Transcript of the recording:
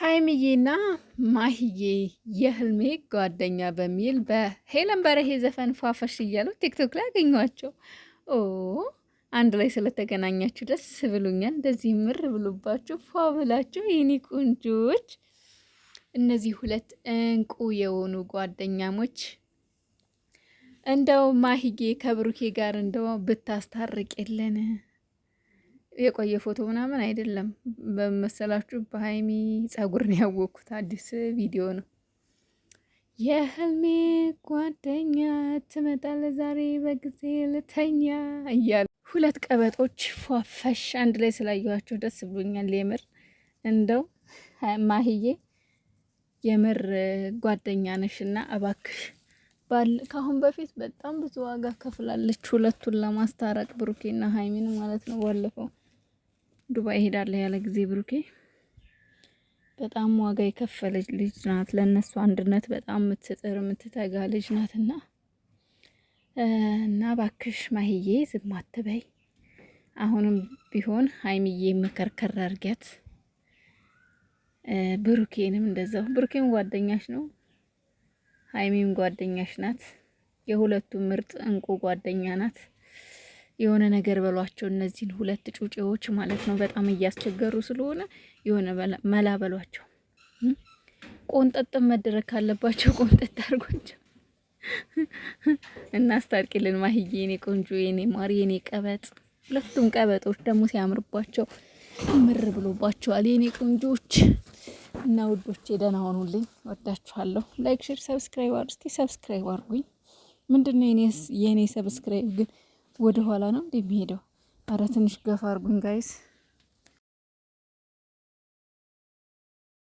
ሀይምዬና ማህዬ የህልሜ ጓደኛ በሚል በሄለን በረሄ ዘፈን ፏፈሽ እያሉ ቲክቶክ ላይ ያገኟቸው። ኦ አንድ ላይ ስለተገናኛችሁ ደስ ብሉኛል እንደዚህ ምር ብሉባችሁ ፏ ብላችሁ የኔ እነዚህ ሁለት እንቁ የሆኑ ጓደኛሞች እንደው ማሂዬ ከብሩኬ ጋር እንደው ብታስታርቅ የለን የቆየ ፎቶ ምናምን አይደለም በመሰላችሁ፣ በሀይሚ ጸጉር ነው ያወቅኩት። አዲስ ቪዲዮ ነው። የህልሜ ጓደኛ ትመጣለ ዛሬ በጊዜ ልተኛ እያለ ሁለት ቀበጦች ፏፈሽ አንድ ላይ ስላየኋቸው ደስ ብሎኛል። የምር እንደው ማህዬ የምር ጓደኛ ነሽ እና እባክሽ ባል በፊት በጣም ብዙ ዋጋ ከፍላለች፣ ሁለቱን ለማስታረቅ ብሩኬና ሀይሚን ማለት ነው ባለፈው ዱባይ ሄዳለ ያለ ጊዜ ብሩኬ በጣም ዋጋ የከፈለች ልጅ ናት። ለእነሱ አንድነት በጣም የምትጥር የምትተጋ ልጅ ናትና እና ባክሽ ማህዬ ዝም አትበይ። አሁንም ቢሆን ሀይሚዬ መከርከር አድርጊያት፣ ብሩኬንም እንደዛው። ብሩኬም ጓደኛሽ ነው፣ ሀይሚም ጓደኛሽ ናት። የሁለቱ ምርጥ እንቁ ጓደኛ ናት። የሆነ ነገር በሏቸው እነዚህን ሁለት ጩጬዎች ማለት ነው። በጣም እያስቸገሩ ስለሆነ የሆነ መላ በሏቸው። ቆንጠጥም መደረግ ካለባቸው ቆንጠጥ አድርጓቸው እና አስታርቂልን ማህዬ፣ የኔ ቆንጆ፣ የኔ ማር፣ የኔ ቀበጥ። ሁለቱም ቀበጦች ደግሞ ሲያምርባቸው ምር ብሎባቸዋል የኔ ቆንጆች እና ውዶቼ፣ ደህና ሆኑልኝ። ወዳችኋለሁ። ላይክ፣ ሼር፣ ሰብስክራይብ አድርጉ። እስቲ ሰብስክራይብ አድርጉኝ። ምንድነው የኔ ሰብስክራይብ ግን ወደ ኋላ ነው እንደሚሄደው። አረ ትንሽ ገፋ አርጉን ጋይስ።